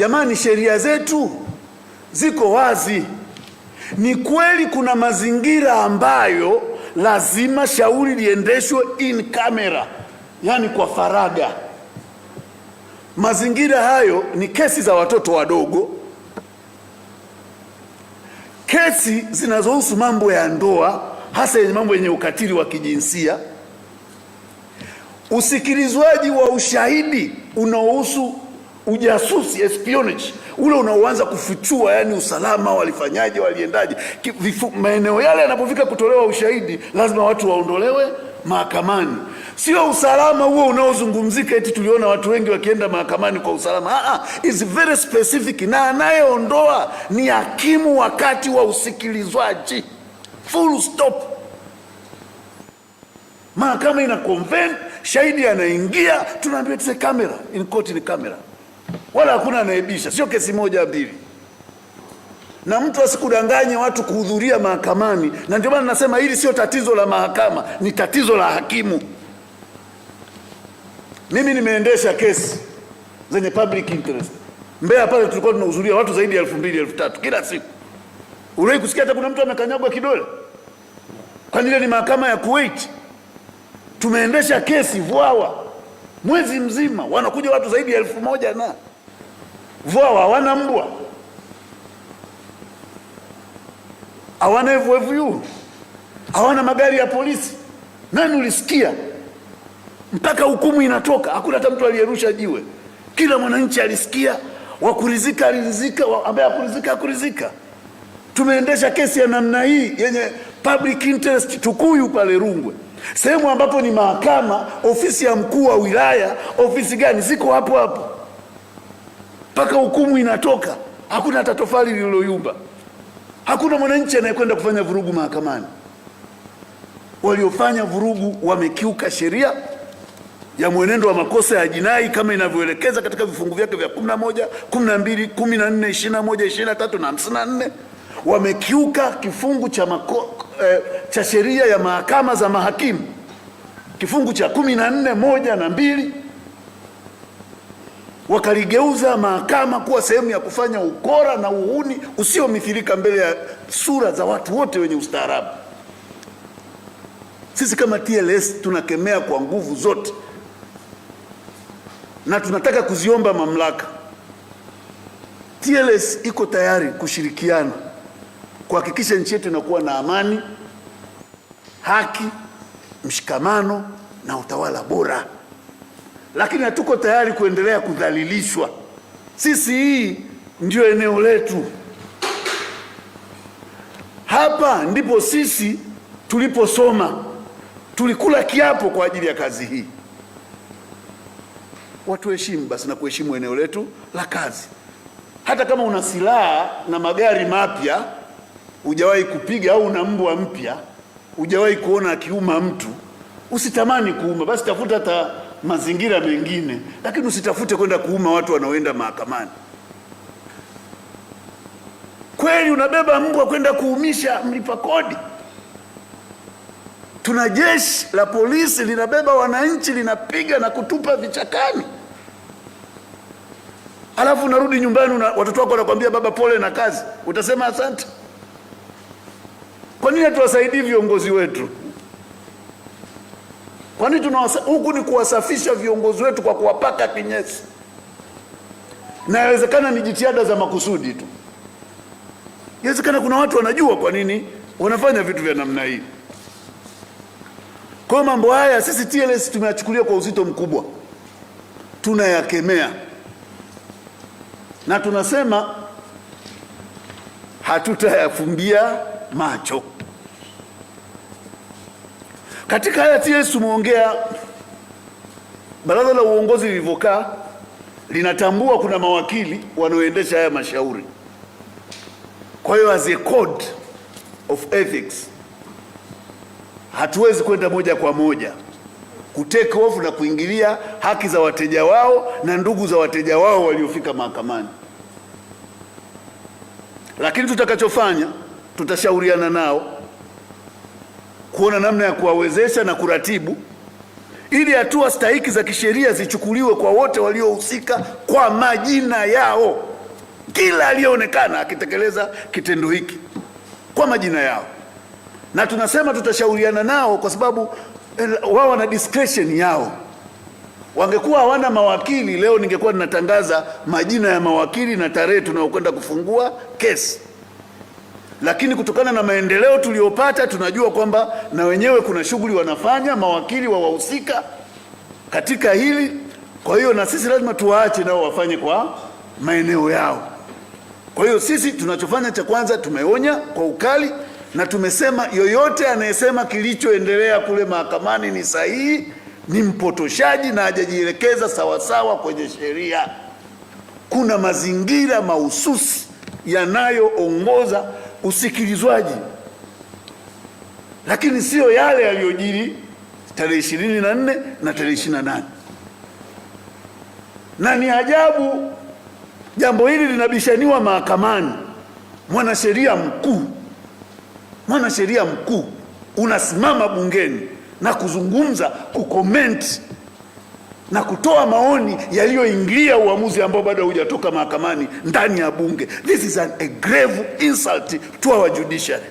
Jamani, sheria zetu ziko wazi. Ni kweli kuna mazingira ambayo lazima shauri liendeshwe in camera, yani kwa faraga Mazingira hayo ni kesi za watoto wadogo, kesi zinazohusu mambo ya ndoa, hasa yenye mambo yenye ukatili wa kijinsia, usikilizwaji wa ushahidi unaohusu ujasusi espionage ule unaoanza kufichua, yani usalama walifanyaje, waliendaje. Maeneo yale yanapofika kutolewa ushahidi, lazima watu waondolewe mahakamani. Sio usalama huo unaozungumzika eti tuliona watu wengi wakienda mahakamani kwa usalama. is very specific, na anayeondoa ni hakimu wakati wa usikilizwaji, full stop. Mahakama ina convene, shahidi anaingia, tunaambia tse kamera in court, ni kamera wala hakuna anayebisha, sio kesi moja mbili. Na mtu asikudanganye watu kuhudhuria mahakamani, na ndio maana nasema hili sio tatizo la mahakama, ni tatizo la hakimu. Mimi nimeendesha kesi zenye public interest Mbeya pale, tulikuwa tunahudhuria watu zaidi ya elfu mbili elfu tatu kila siku. Uliwahi kusikia hata kuna mtu amekanyagwa kidole? Kwani ile ni mahakama ya Kuwait? Tumeendesha kesi Vwawa mwezi mzima, wanakuja watu zaidi ya elfu moja na vwawa hawana mbwa, hawana FFU, hawana magari ya polisi. Nani ulisikia mpaka hukumu inatoka? Hakuna hata mtu aliyerusha jiwe. Kila mwananchi alisikia, wakurizika alirizika, ambaye akurizika akurizika Tumeendesha kesi ya namna hii yenye public interest Tukuyu pale Rungwe sehemu ambapo ni mahakama, ofisi ya mkuu wa wilaya, ofisi gani ziko hapo hapo mpaka hukumu inatoka. Hakuna hata tofali lililoyumba, hakuna mwananchi anayekwenda kufanya vurugu mahakamani. Waliofanya vurugu wamekiuka sheria ya mwenendo wa makosa ya jinai kama inavyoelekeza katika vifungu vyake vya 11, 12, 14, 21, 23 na 54 wamekiuka kifungu cha, mako, eh, cha sheria ya mahakama za mahakimu kifungu cha kumi na nne moja na mbili wakaligeuza mahakama kuwa sehemu ya kufanya ukora na uhuni usiomithilika mbele ya sura za watu wote wenye ustaarabu. Sisi kama TLS tunakemea kwa nguvu zote na tunataka kuziomba mamlaka. TLS iko tayari kushirikiana kuhakikisha nchi yetu inakuwa na amani, haki, mshikamano na utawala bora, lakini hatuko tayari kuendelea kudhalilishwa. Sisi hii ndio eneo letu, hapa ndipo sisi tuliposoma, tulikula kiapo kwa ajili ya kazi hii. Watuheshimu basi na kuheshimu eneo letu la kazi, hata kama una silaha na magari mapya hujawahi kupiga au una mbwa mpya, hujawahi kuona akiuma mtu, usitamani kuuma. Basi tafuta hata mazingira mengine, lakini usitafute kwenda kuuma watu wanaoenda mahakamani. Kweli unabeba mbwa kwenda kuumisha mlipa kodi? Tuna jeshi la polisi linabeba wananchi linapiga na kutupa vichakani, alafu unarudi nyumbani, watoto wako wanakwambia baba, pole na kazi, utasema asante? Kwa nini hatuwasaidii viongozi wetu? Kwa nini tunawasa huku ni kuwasafisha viongozi wetu kwa kuwapaka kinyesi, na ni jitihada za makusudi tu. Yawezekana kuna watu wanajua kwa nini wanafanya vitu vya namna hii. Kwa mambo haya sisi TLS tumeyachukulia kwa uzito mkubwa, tunayakemea na tunasema hatutayafumbia macho. Katika hayati Yesu tumeongea, baraza la uongozi lilivyokaa linatambua kuna mawakili wanaoendesha haya mashauri. Kwa hiyo as a code of ethics hatuwezi kwenda moja kwa moja kuteke ofu na kuingilia haki za wateja wao na ndugu za wateja wao waliofika mahakamani, lakini tutakachofanya tutashauriana nao kuona namna ya kuwawezesha na kuratibu ili hatua stahiki za kisheria zichukuliwe kwa wote waliohusika kwa majina yao, kila aliyeonekana akitekeleza kitendo hiki kwa majina yao. Na tunasema tutashauriana nao kwa sababu eh, wao wana discretion yao. Wangekuwa hawana mawakili, leo ningekuwa ninatangaza majina ya mawakili na tarehe tunayokwenda kufungua kesi lakini kutokana na maendeleo tuliyopata tunajua kwamba na wenyewe kuna shughuli wanafanya mawakili wa wahusika katika hili. Kwa hiyo na sisi lazima tuwaache nao wafanye kwa maeneo yao. Kwa hiyo sisi tunachofanya cha kwanza, tumeonya kwa ukali na tumesema yoyote anayesema kilichoendelea kule mahakamani ni sahihi ni mpotoshaji na hajajielekeza sawasawa kwenye sheria. Kuna mazingira mahususi yanayoongoza usikilizwaji, lakini siyo yale yaliyojiri tarehe ishirini na nne na tarehe ishirini na nane na ni ajabu jambo hili linabishaniwa mahakamani. Mwanasheria mkuu mwanasheria mkuu unasimama bungeni na kuzungumza kukomenti na kutoa maoni yaliyoingilia uamuzi ambao bado haujatoka mahakamani ndani ya bunge. This is an, a grave insult to our judiciary,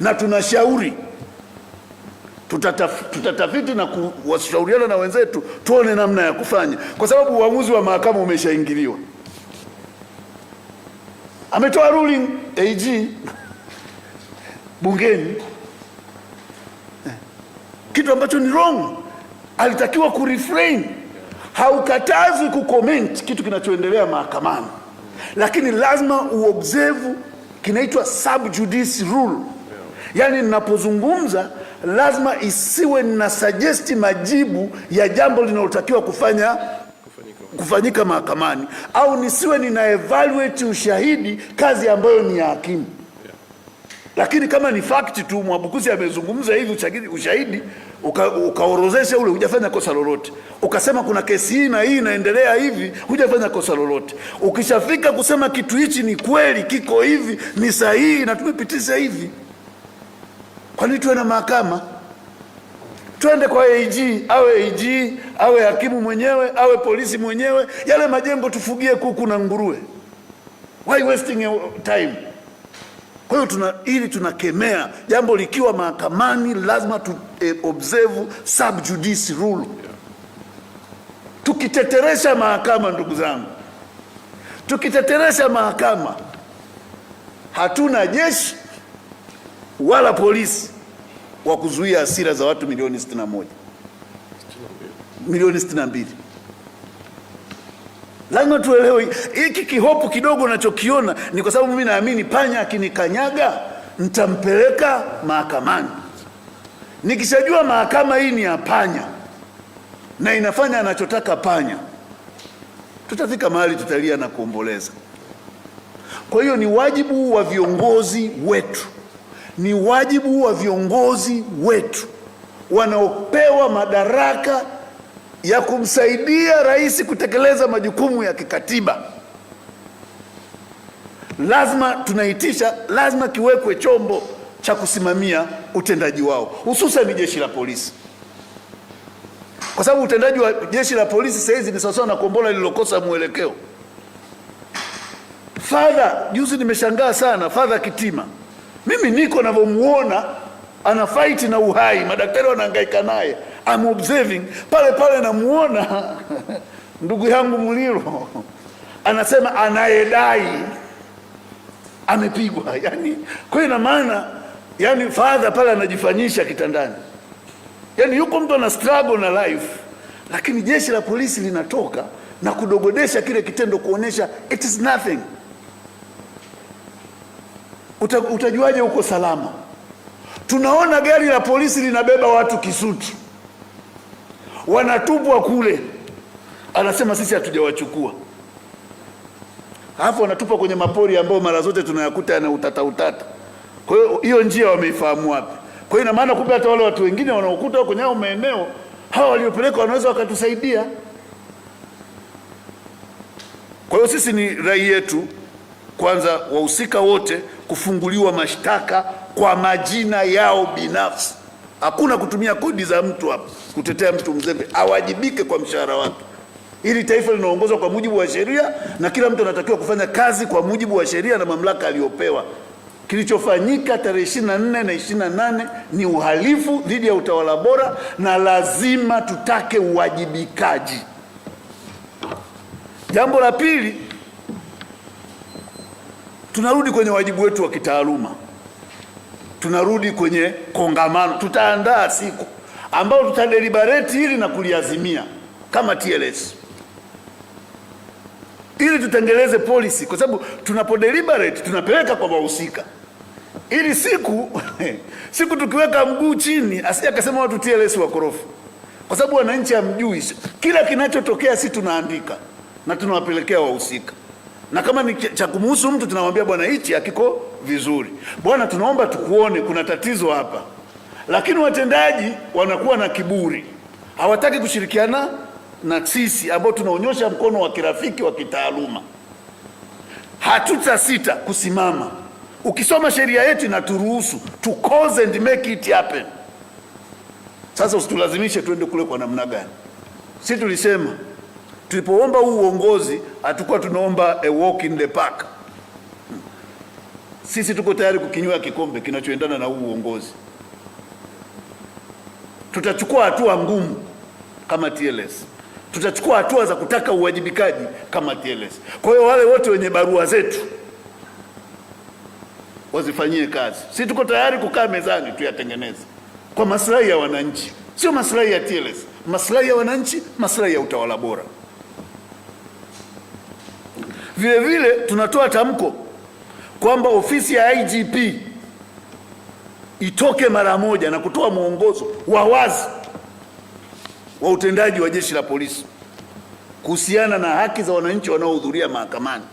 na tunashauri tutataf, tutatafiti na kuwashauriana na wenzetu tuone namna ya kufanya, kwa sababu uamuzi wa mahakama umeshaingiliwa. Ametoa ruling AG bungeni, eh, kitu ambacho ni wrong alitakiwa kurefrain. Haukatazwi kucomment kitu kinachoendelea mahakamani, lakini lazima uobserve kinaitwa sub judice rule, yaani ninapozungumza lazima isiwe nina sujesti majibu ya jambo linalotakiwa kufanya kufanyika mahakamani, au nisiwe nina evaluate ushahidi, kazi ambayo ni ya hakimu. Lakini kama ni fact tu Mwabukusi amezungumza hivi, ushahidi, ushahidi ukaorozesha uka ule, hujafanya kosa lolote, ukasema kuna kesi hii na hii inaendelea hivi, hujafanya kosa lolote. Ukishafika kusema kitu hichi ni kweli, kiko hivi, ni sahihi na tumepitisha hivi, kwani tuwe na mahakama? Twende kwa AG, awe AG, awe hakimu mwenyewe, awe polisi mwenyewe, yale majengo tufugie kuku na nguruwe. Why wasting your time? Kwa hiyo tuna ili tunakemea jambo likiwa mahakamani, lazima tu eh, observe sub judice rule. Tukiteteresha mahakama, ndugu zangu, tukiteteresha mahakama, hatuna jeshi wala polisi wa kuzuia hasira za watu milioni 61 milioni 62. Lazima tuelewe hiki kihopu kidogo nachokiona ni kwa sababu mimi naamini panya akinikanyaga ntampeleka mahakamani. Nikishajua mahakama hii ni ya panya na inafanya anachotaka panya, tutafika mahali tutalia na kuomboleza. Kwa hiyo ni wajibu wa viongozi wetu, ni wajibu wa viongozi wetu wanaopewa madaraka ya kumsaidia rais kutekeleza majukumu ya kikatiba, lazima tunaitisha, lazima kiwekwe chombo cha kusimamia utendaji wao, hususan ni jeshi la polisi, kwa sababu utendaji wa jeshi la polisi sahizi ni sawasawa na kombola lililokosa mwelekeo. Fadha juzi nimeshangaa sana, Fadha Kitima, mimi niko navyomwona ana fight na uhai, madaktari wanahangaika naye I'm observing pale pale, namuona ndugu yangu Muliro anasema anayedai amepigwa. Yani kwa ina maana yani father pale anajifanyisha kitandani, yani yuko mtu ana struggle na life, lakini jeshi la polisi linatoka na kudogodesha kile kitendo kuonesha it is nothing. Uta, utajuaje uko salama? Tunaona gari la polisi linabeba watu Kisutu wanatupwa kule, anasema sisi hatujawachukua, alafu wanatupwa kwenye mapori ambayo mara zote tunayakuta yana utata utata. Kwa hiyo hiyo njia wameifahamu wapi? Kwa hiyo ina maana kumbe hata wale watu wengine wanaokuta kwenye hao maeneo hawa waliopeleka wanaweza wakatusaidia. Kwa hiyo sisi, ni rai yetu kwanza, wahusika wote kufunguliwa mashtaka kwa majina yao binafsi. Hakuna kutumia kodi za mtu hapa kutetea mtu mzembe, awajibike kwa mshahara wake. Hili taifa linaongozwa kwa mujibu wa sheria na kila mtu anatakiwa kufanya kazi kwa mujibu wa sheria na mamlaka aliyopewa. Kilichofanyika tarehe 24 na 28 ni uhalifu dhidi ya utawala bora, na lazima tutake uwajibikaji. Jambo la pili, tunarudi kwenye wajibu wetu wa kitaaluma tunarudi kwenye kongamano, tutaandaa siku ambayo tutadeliberate hili na kuliazimia kama TLS ili tutengeleze policy, kwa sababu tunapodeliberate tunapeleka kwa wahusika ili siku siku tukiweka mguu chini asije akasema watu TLS wakorofu, kwa sababu wananchi hamjui. Kila kinachotokea si tunaandika na tunawapelekea wahusika na kama ni cha kumhusu mtu tunamwambia bwana, hichi hakiko vizuri, bwana, tunaomba tukuone, kuna tatizo hapa. Lakini watendaji wanakuwa na kiburi, hawataki kushirikiana na sisi ambao tunaonyosha mkono wa kirafiki wa kitaaluma. hatuta sita kusimama. Ukisoma sheria yetu inaturuhusu to cause and make it happen. Sasa usitulazimishe tuende kule kwa namna gani? Si tulisema Tulipoomba huu uongozi hatukuwa tunaomba a walk in the park. Sisi tuko tayari kukinywa kikombe kinachoendana na huu uongozi. Tutachukua hatua ngumu kama TLS, tutachukua hatua za kutaka uwajibikaji kama TLS. Kwa hiyo wale wote wenye barua zetu wazifanyie kazi. Sisi tuko tayari kukaa mezani tuyatengeneze kwa maslahi ya wananchi, sio maslahi ya TLS, maslahi ya wananchi, maslahi ya utawala bora. Vile vile tunatoa tamko kwamba ofisi ya IGP itoke mara moja na kutoa mwongozo wa wazi wa utendaji wa jeshi la polisi kuhusiana na haki za wananchi wanaohudhuria mahakamani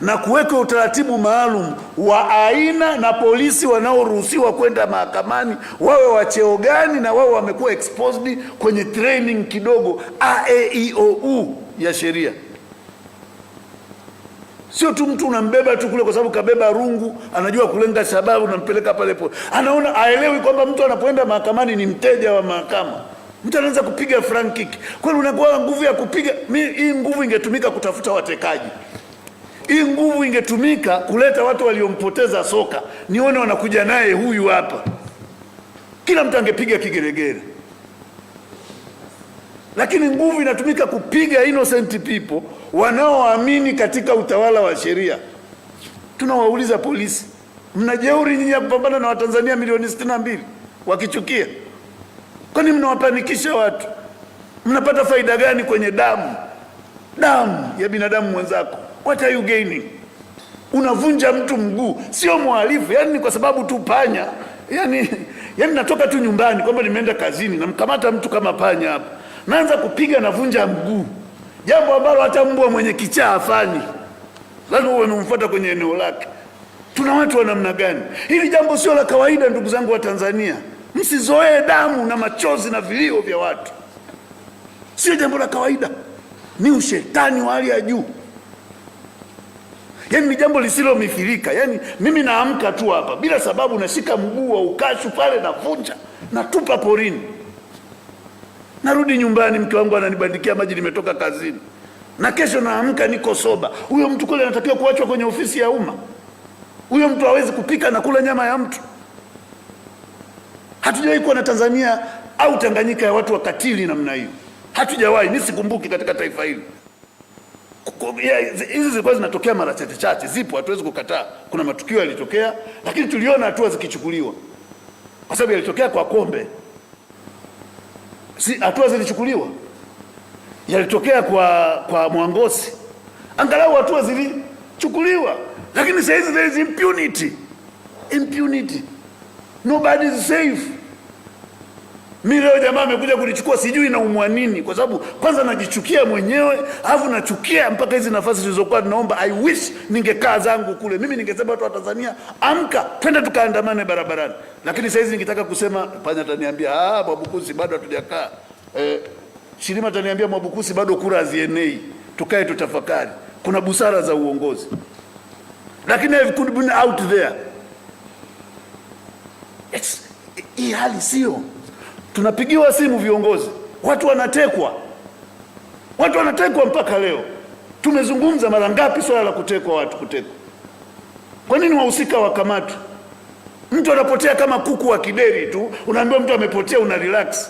na kuweka utaratibu maalum wa aina na polisi wanaoruhusiwa kwenda mahakamani wawe wacheo gani, na wawe wamekuwa exposed kwenye training kidogo AAEOU ya sheria. Sio tu mtu unambeba tu kule kwa sababu kabeba rungu, anajua kulenga sababu, nampeleka pale pole. Anaona aelewi kwamba mtu anapoenda mahakamani ni mteja wa mahakama. Mtu anaweza kupiga frank kick, kweli, unakuwa nguvu ya kupiga. Hii nguvu ingetumika kutafuta watekaji, hii nguvu ingetumika kuleta watu waliompoteza soka, nione wanakuja naye huyu hapa, kila mtu angepiga kigeregere. Lakini nguvu inatumika kupiga innocent people wanaoamini katika utawala wa sheria. Tunawauliza polisi, mna jeuri nyinyi ya kupambana na Watanzania milioni sitini na mbili wakichukia? Kwani mnawapanikisha watu? Mnapata faida gani kwenye damu damu ya binadamu mwenzako? What are you gaining? Unavunja mtu mguu, sio mhalifu yani, kwa sababu tu panya yani, yani natoka tu nyumbani kwamba nimeenda kazini, namkamata mtu kama panya hapa, naanza kupiga, navunja mguu jambo ambalo hata mbwa mwenye kichaa hafanyi. Lazima uwe umemfuata kwenye eneo lake. Tuna watu wa namna gani? Hili jambo sio la kawaida, ndugu zangu wa Tanzania, msizoee damu na machozi na vilio vya watu, sio jambo la kawaida, ni ushetani wa hali ya juu. yani ni jambo lisilomithilika. yani mimi naamka tu hapa bila sababu, nashika mguu wa ukashu pale, navunja, natupa porini narudi nyumbani, mke wangu ananibandikia maji, nimetoka kazini, na kesho naamka niko soba. Huyo mtu kule anatakiwa kuachwa kwenye ofisi ya umma. Huyo mtu hawezi kupika na kula nyama ya mtu. Hatujawahi kuwa na Tanzania au Tanganyika ya watu wakatili namna hiyo, hatujawahi. Mi sikumbuki katika taifa hili. Hizi zilikuwa zinatokea mara chache chache, zipo, hatuwezi kukataa. Kuna matukio yalitokea, lakini tuliona hatua zikichukuliwa, kwa sababu yalitokea kwa kombe si hatua zilichukuliwa, yalitokea kwa kwa Mwangosi, angalau hatua zilichukuliwa, lakini sasa hizi there is impunity, impunity, nobody is safe. Mimi leo jamaa amekuja kunichukua sijui naumwa nini, kwa sababu kwanza najichukia mwenyewe, alafu nachukia mpaka hizi nafasi zilizokuwa tunaomba. I wish ningekaa zangu kule. Mimi ningesema watu wa Tanzania, amka, twende tukaandamane barabarani, lakini saizi ningetaka kusema panya taniambia ah, Mwabukusi bado hatujakaa eh, Shirima taniambia Mwabukusi bado kura hazienei, tukae tutafakari, kuna busara za uongozi, lakini I've could be out there yes. Hii hali sio Tunapigiwa simu viongozi, watu wanatekwa, watu wanatekwa mpaka leo. Tumezungumza mara ngapi swala la kutekwa watu, kutekwa. Kwa nini wahusika wakamatwe? Mtu anapotea kama kuku wa kideri tu, unaambiwa mtu amepotea, una relax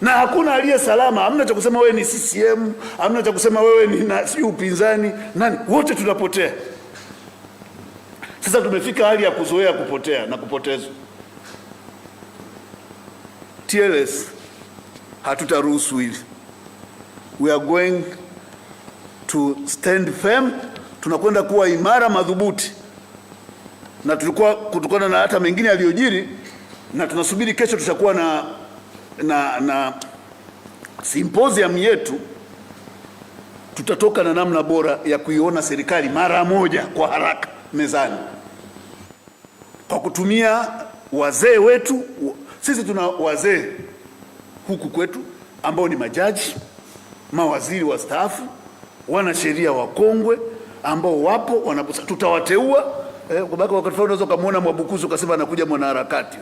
na hakuna aliye salama. Hamna cha kusema wewe ni CCM, hamna cha kusema wewe ni na si upinzani, nani, wote tunapotea. Sasa tumefika hali ya kuzoea kupotea na kupotezwa. TLS hatutaruhusu hivi. We are going to stand firm, tunakwenda kuwa imara madhubuti, na tulikuwa kutokana na hata mengine yaliyojiri, na tunasubiri kesho tutakuwa na, na, na symposium yetu, tutatoka na namna bora ya kuiona serikali mara moja kwa haraka mezani kwa kutumia wazee wetu sisi tuna wazee huku kwetu ambao ni majaji, mawaziri wastaafu, wanasheria wakongwe ambao wapo wanaposa, tutawateua eh, kubaki wakati fulani unaweza ukamwona Mwabukusi ukasema anakuja mwanaharakati.